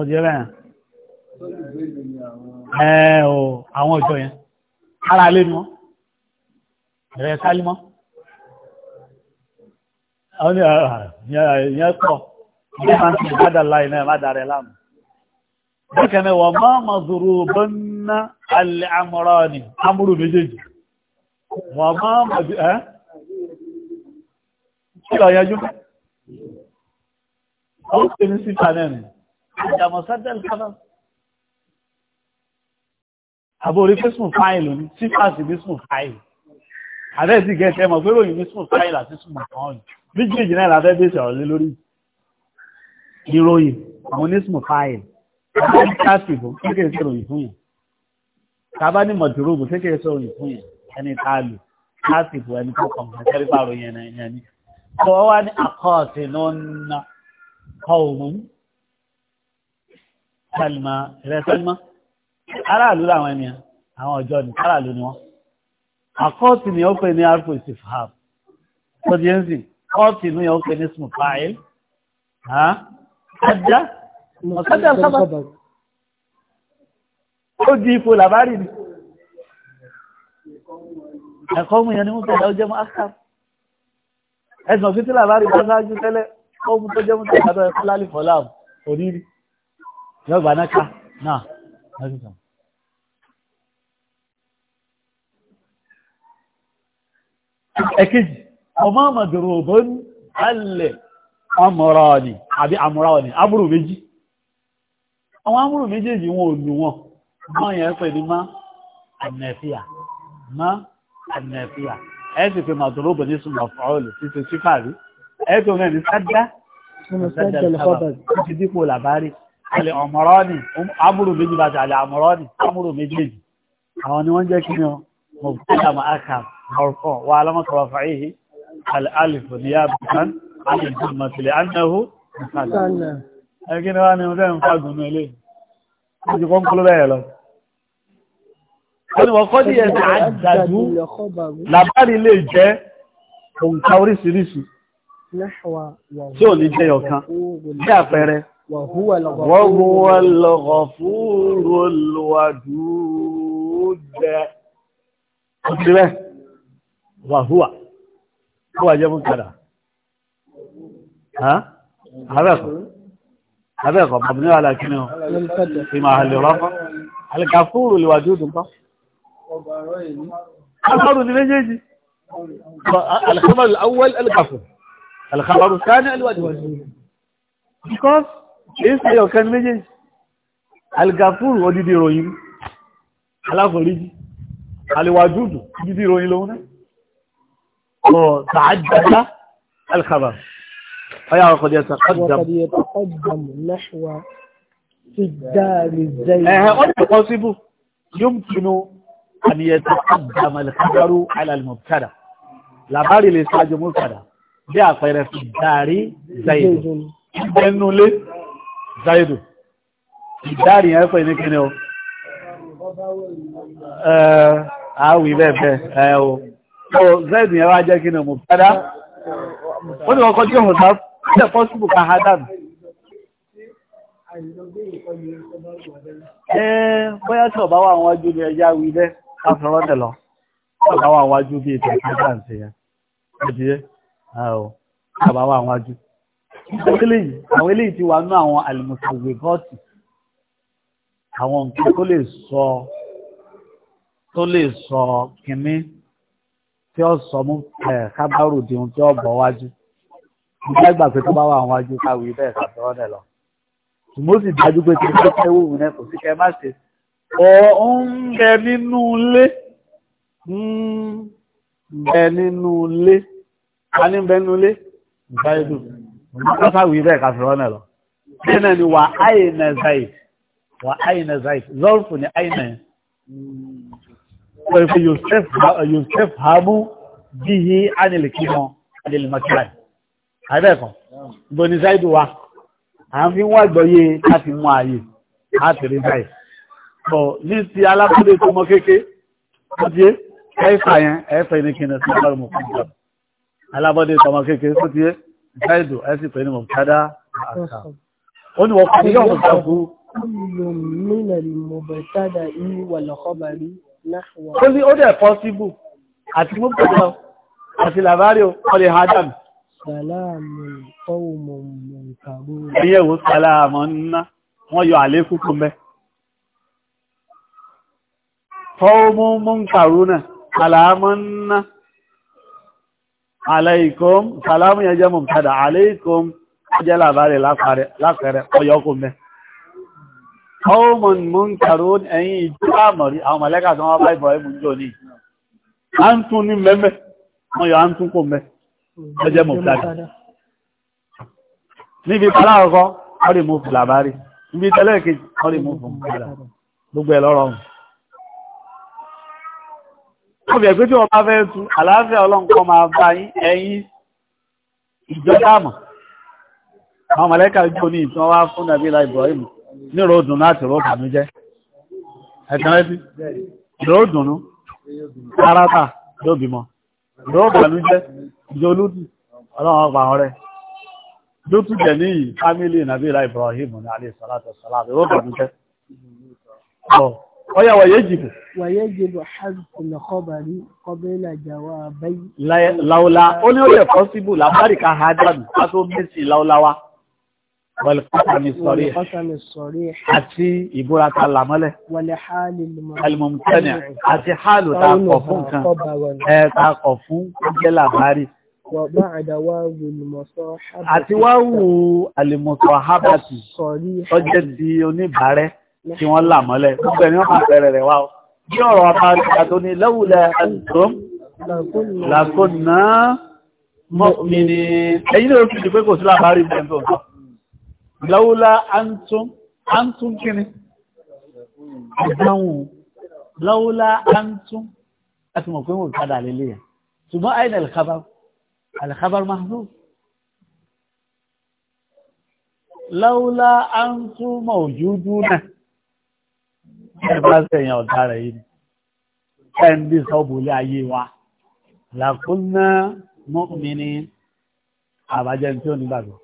ọjọ́ rẹ̀ ẹ̀ o àwọn ọjọ́ yẹn ara lé ni wọ́n ìrẹ̀ salimọ́ ah, ìyẹn pọ̀ ìyẹn máa ń fi ìgbádà láì náà má darẹ̀ láàmú bákan náà wà máa ma zòrò bọ́nà alẹ́ amọ́ra ni amúrò méjèèjì wà máa ma bí ẹ́ kí lọ yanjú ó pè ní síta náà ni àjàmọ̀ sádẹ́lì kábà àbórí pé sùn fáìlì ní síta sì ní sùn fáìlì àdẹ́ sì gẹ́ tẹ́ mọ̀ pé ròyìn ní sùn fáìlì àti sùn mọ̀ kan méjèèjì náà la fẹ́ bèsè lórí ìròyìn àwọn onísùn fáìlì ọ̀gbọ́n káàkiri kékeré sọ̀rọ̀ yìí fún yẹn tàbá ní mọ̀tòrógùn kékeré sọ̀rọ̀ yìí fún yẹn ẹni tá a lò káàkiri ẹni tó kàn fún ẹsẹ̀ rípa àròyìn ẹ̀nà ẹ̀yàn ni. kọ́ wá ní àkọ́ọ̀tì lọ́nà kọ́ òun sálímà rẹ sálímà aráàlú làwọn ẹni àwọn ọjọ́ ni aráàlú ni wọ́n. àkọ́ọ̀tì ni ó pè ní arpo istifham mọ̀sádà sábà ó di ipò làbárì ni ẹ̀kọ́ mú yẹn ni wọ́n tẹ̀lé ọjọ́ mọ́ áká ẹ̀sùn òfin tí làbárì bá sáájú tẹ́lẹ̀ ó mú tó jẹ́ mú tẹ̀lé abẹ́rẹ́ fún lálẹ́ fọ́lá òrírí yóò náà ká ẹ̀kejì ọmọ àmàdòrò òbọ́n alẹ̀ amọ̀rọ̀ ni àbí àmọ̀rọ̀ ni àbúrò méjì àwọn amúrù méjèèjì wọn ò lù wọn mọ́ yẹn pẹ̀lú má ànẹ̀fíà má ànẹ̀fíà ẹ̀ sì pé màdúróbò ní sùnmọ̀ fọ́ọ̀lù títí sífàrí ẹ̀ tó náà ní sádá ti dípò làbárí alẹ́ ọ̀mọ̀rọ́ ni amúrù méjì bàtà alẹ́ àmọ̀rọ́ ni amúrù méjèèjì àwọn ni wọ́n jẹ́ kí ni mọ̀bùtẹ́lá màákà mọ̀rọ̀kọ̀ wà alámọ̀sọ̀rọ̀ fàáyé alẹ́ alìfò ní ẹgbẹ́ ni wá ní ọdẹ́ ń fàgùn ní ilé ìjì kọ́ ń kúrò bẹ́ẹ̀ lọ wọ́n kọ́ díẹ̀ sí àjàjú làbárí lè jẹ́ òǹkà oríṣiríṣi tí ò ní jẹ́ ọ̀kan bí àpẹẹrẹ wọ́n mú wọn lọ́kọ̀ fún olùwàdúùdẹ ọ̀sibẹ́ wàhúà ó wà jẹ́ mú هذا مبني على كنه في محل رفع الكفور الوجود الله الخبر المجيجي الخبر الأول الكفور الخبر الثاني الوجود because if you can manage الكفور ودي روين aláforíjì aliwajudu dídí ìròyìn lóhun náà ọ̀ tààjàdá الخبر أي وقد يتقدم وقد يتقدم نحو في الدار الزين أه يمكن أن يتقدم الخبر على المبتدا labari lè ṣáájú mú padà bí àpẹẹrẹ fi dárí zaidu ẹnu lé zaidu ìdárí yẹn pẹ̀ ní kíni o àwì bẹ́ẹ̀ ẹ̀ o zaidu yẹn wá jẹ́ kíni o mú ó ní ọkọ̀ tí ó hùn ṣe pọ́sibù ká ha dànù. ẹ bóyá tí ọba wà wájú ni ẹja wí bẹ́ẹ̀ ká lọ ọba wà wájú bíi ìtàn ká dà ń ṣe yẹn ẹdí ẹ ọba wà wájú. àwọn eléyìí ti wà nú àwọn àlùmọ̀sàwé bọ́ọ̀tì àwọn nǹkan tó lè sọ tó lè sọ kínní tí ó sọ mú ẹ̀ eh, kábàárò di tí ó bọ̀ wájú nígbà ìgbà pé tó bá wà àwọn ajú káwé bẹ́ẹ̀ sàtọ́rọ́ dẹ̀ lọ. mo sì dájú pé tí ó fẹ́ wòun náà kò sí kẹ́ má ṣe. ọ̀ ń bẹ nínú ilé ń bẹ nínú ilé a ní bẹ nínú ilé ìgbà ìdù nígbà káwé bẹ́ẹ̀ sàtọ́rọ́ dẹ̀ lọ. bẹ́ẹ̀ náà ni wà áyè na zayt wà áyè na zayt zọ́ọ̀fù ni áyè na wọ́n fi yóò sẹ́fù hábù bíi ánìlì kí wọn ánìlì mọ́kíláì àbẹ́ẹ̀kan ibo ni ṣáìdù wa a ń fi wọ́n àgbọ́yé láti mú ààyè láti rí báyìí bọ̀ ní ti alábọ́dé tó mọ kéke ó ti ẹ̀fà yẹn ẹ̀fà ní kí ni sí ọlọ́run mọ̀ fún ìjọba alábọ́dé tó mọ kéke ó ti ṣáìdù ẹ̀sìn pé ní mọ̀ kádà àṣà ó ní wọ́n kọ́ ní yọ̀ ó ní ó dẹ̀ pọ́síbù àti mú pẹ̀lú àti làbárí ó lè hádàmì Ẹyẹ̀wò sàlámọ̀ ńná, wọ́n yọ àlékún kún bẹ́. Fọ́ọ̀mù múnkàrú náà, sàlámọ̀ ńná, aláìkọ́m, sàlámù yẹn jẹ́ mọ̀mùtàdà, aláìkọ́m, ó jẹ́ làbárẹ̀ lápẹẹrẹ, ọyọ́ kún bẹ́. Fọ́ọ̀mù múnkàrú ẹ̀yìn ìjú àmọ̀rí, àwọn mọ̀lẹ́kà tó wọ́n bá ìbọ̀ ẹ̀mù jò ní. Àǹtún ní ó jẹ́ mọ̀tàdì níbi aláàkọ́ ọ̀rì mú fún làbárí níbi tẹ́lẹ̀kejì ọ̀rì mú fún padà gbogbo ẹ̀ lọ́rọ̀ ọ̀hún. wọ́n fi ẹ̀gbẹ́ tí wọ́n bá fẹ́ tu àlàáfíà ọlọ́nkọ́ máa bá ẹ̀yìn ìjọ́dáàmọ̀ àwọn mọ̀lẹ́kà jò ní ìtàn wá fún nàbílà Ibrahim nírò dùn láti rọ́ bànújẹ́ ẹ̀kẹ́rẹ́bí ìrò dùnú aráta lóbìmọ̀ ìjọ olúdì ọlọ́run ọgbà ọ̀rẹ́ lótú jẹ̀ ní fámílì nàbílá Ibrahim ní alẹ́ sọ́látọ̀ sọ́látọ̀ ó bọ̀ níṣẹ́ ọ̀yà wàyé jìbò wàyé jìbò hajjùlọ kọbàrí kọbílà jàwà báyìí láúlá ó ní ó yẹ fọ́síbù lábárí ká hajjàmì ká tó mẹ́sì láúláwá wàlùkọ́sàmì sọ̀rí àti ìbúra ta làmọ́lẹ̀ àti hálù ta kọ̀ fún kan ẹ̀ ta àti wá wù àlèmọ̀tọ̀ àhábàtì ọjẹ́ ti oníbàárẹ́ tí wọ́n là mọ́lẹ̀ gbogbo ẹni wọ́n máa bẹ̀rẹ̀ rẹ̀ wá bí ọ̀rọ̀ ọba àtò ní lẹ́wùlẹ̀ àtòm làkónà mọ́mìnì ẹ̀yìn ló fi pé kò sí lábárí mẹ́tò lẹ́wùlẹ̀ àtòm àtòm kíni الخبر محذوف لولا أنتم موجودون ẹ̀bá sẹ̀yìn ọ̀tá rẹ̀ yìí ẹ̀ndí sọ́bùlé ayé wa làkúnná mọ́kùnmíní àbájẹ́ tí ó nígbàgbọ́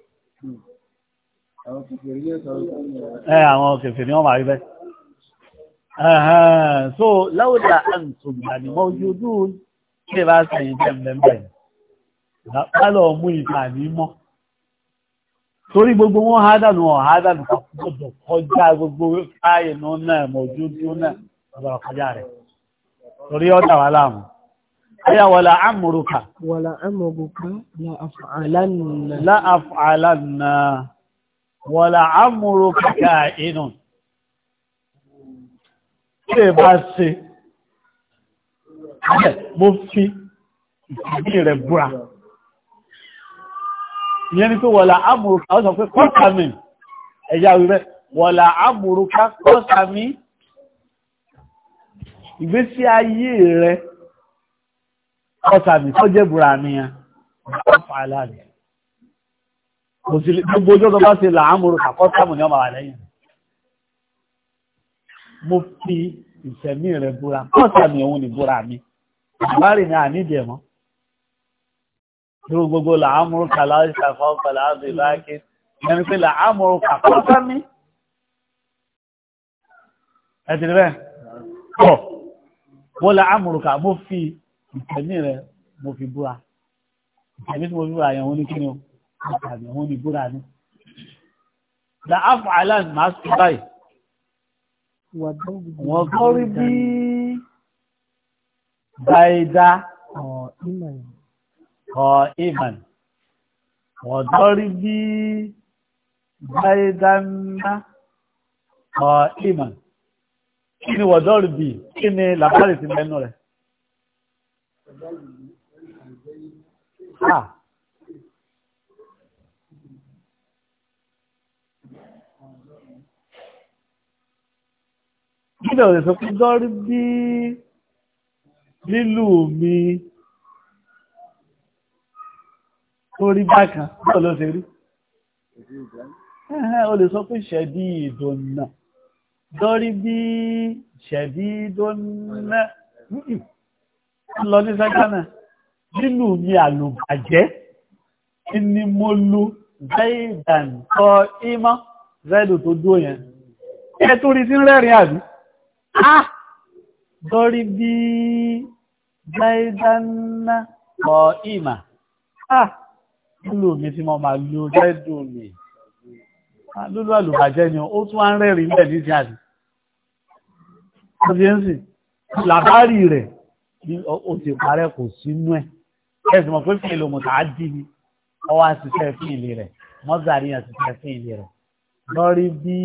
ẹ̀ àwọn kèfè ní wọ́n máa rí bẹ́ so láwùdá àǹtùmọ̀ ni mọ́júdú tí ẹ̀bá sẹ̀yìn tẹ́m̀bẹ̀m̀bẹ̀yìn pálọ̀ mú ìta ní mọ́ torí gbogbo wọn hádànù ọ̀hádànù gbọdọ̀ kọjá gbogbo káyẹ̀ náà náà mọ̀jú tí ó náà gbọdọ̀ kọjá rẹ̀ torí ọ̀dà wà láàmú Aya wàlá àmúrùkà. Wàlá àmúrùkà láàfààlánà. Láàfààlánà. Wàlá àmúrùkà káà inú ìyẹn ni pé wọ̀là ámùrúkà ó sọ pé kọ́sàmì ẹ̀yà rẹ̀ wọ̀là ámùrúkà kọ́sàmì ìgbésí ayé rẹ̀ kọ́sàmì tó jẹ́ bùrà nìyàn gbogbo ojú ọba ṣe là ámùrúkà kọ́sàmì ni ọmọ wà lẹ́yìn mo fi ìṣẹ̀mí rẹ̀ búra kọ́sàmì òun ni búra mi àbárì ni à nídìí ẹ̀mọ́ irú gbogbo làámúrú kàlá ìṣàfà ọ̀pẹ̀lá àbí láàkí ẹni pé làámúrú kàkọ́kọ́ ní ẹ̀tìrì rẹ̀ pọ̀ wọ́n làámúrú kà mọ́ fi ìtẹ̀mí rẹ̀ mo fi búra ìtẹ̀mí tí mo fi búra yẹn wọ́n ní kí ni ó قائما وضربي زيدا قائما kíni wọ̀dọ́rì bí kíni làbárì ti mẹ́nu rẹ̀ kíni ọ̀rẹ́ sọ pé dọ́rí bí lílù mi tó rí bákan tó ló ṣe rí o lè sọ pé ṣẹ̀dí ìdònà dọ́rí bí ṣẹ̀dí ìdònà lọ ní sẹ́kánà nínú mi àlùbàjẹ́ ni mo lu zaidan kọ imọ́ tó dúó yẹn ẹ tó rí sí rẹ́rìn àbí ah dọ́rí bí zaidan kọ imọ́ ah lúlù mi tí mo máa lo rẹ́dù mi ah, lúlù àlùbàjẹ́ ni ó tún á ń rẹ́rìn ń bẹ̀ ní ti àdì ọdíẹ́nsì
làbárì rẹ̀
ó ti parẹ́ kò sínú ẹ̀ ẹ̀sìn mọ̀ pé fi èlò mọ̀tà dì ní ọwọ́ àṣìṣẹ́ fún ilé rẹ̀ mọ́sàrí àṣìṣẹ́ fún ilé rẹ̀ lọ́rí bí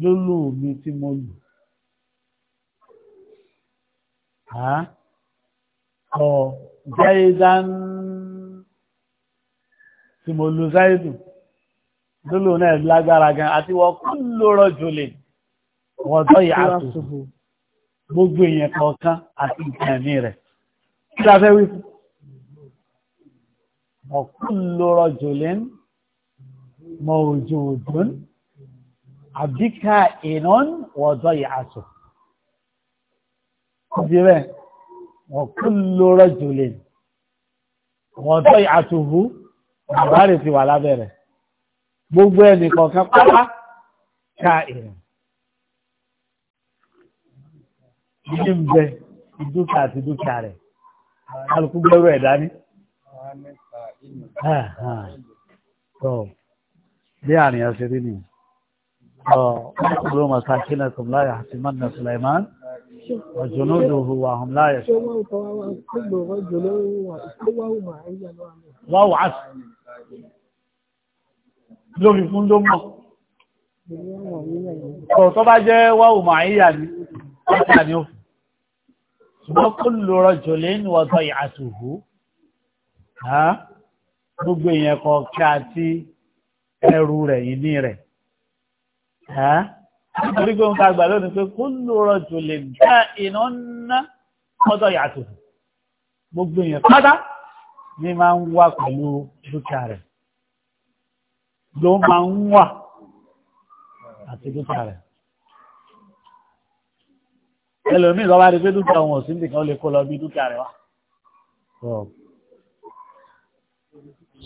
lúlù mi tí mo lù ọ zaidan tí mo lu zaidu lólò náà lágbára gan àti wọ́n kún lórọ̀ jòlè wọ́n tọ́ yà á tó gbogbo èèyàn kọ̀ọ̀kan àti ìkànnì rẹ̀ kí la fẹ́ wí fún ọ̀kún lórọ̀ jòlè mọ̀ òjò òdún àbíká ìnáwó wọ́n tọ́ yà wa kullu rajulin wọ́n tọ́ àtùhù àbárè ti wà lábẹ́rẹ̀ gbogbo ẹnì kọ̀ọ̀kan pátá ká ìrìn ilé ń bẹ ìdúkà àti dúkà rẹ̀ alùpùpù gbẹ́rù ẹ̀ dání. bí àrìn ẹ̀sẹ̀ rí nìyí. ọ̀ ọ́ kúrò màsàkínà tó láyà àti mọ́nà Sulaiman. وجنوده وهم لا يشعرون واو عسل lórí fún ló mọ̀. Ọ̀tọ́ bá jẹ́ wáwù màáyà ní ọ̀tà ni ó. Ṣùgbọ́n kó lòrọ̀ jòlé ní ọ̀tọ̀ ìyàtòhú. Gbogbo èèyàn kọ̀ọ̀kẹ́ àti ẹrù rẹ̀ ìní rẹ̀ nítorí pé ń ta àgbà lónìí pé kó lóòrọ̀ jù lè dá iná ná ọjọ́ yàtọ̀ gbogbo èèyàn pátá ní máa ń wà pẹ̀lú dúkìá rẹ̀ ló máa ń wà àti dúkìá rẹ̀ ẹlòmíì lọ́wọ́ rí pé dúkìá wọn sí nìkan lè kó lọ bí dúkìá rẹ̀ wá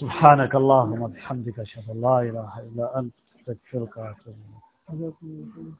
سبحانك اللهم وبحمدك اشهد ان لا اله الا انت استغفرك واتوب اليك 他在公司。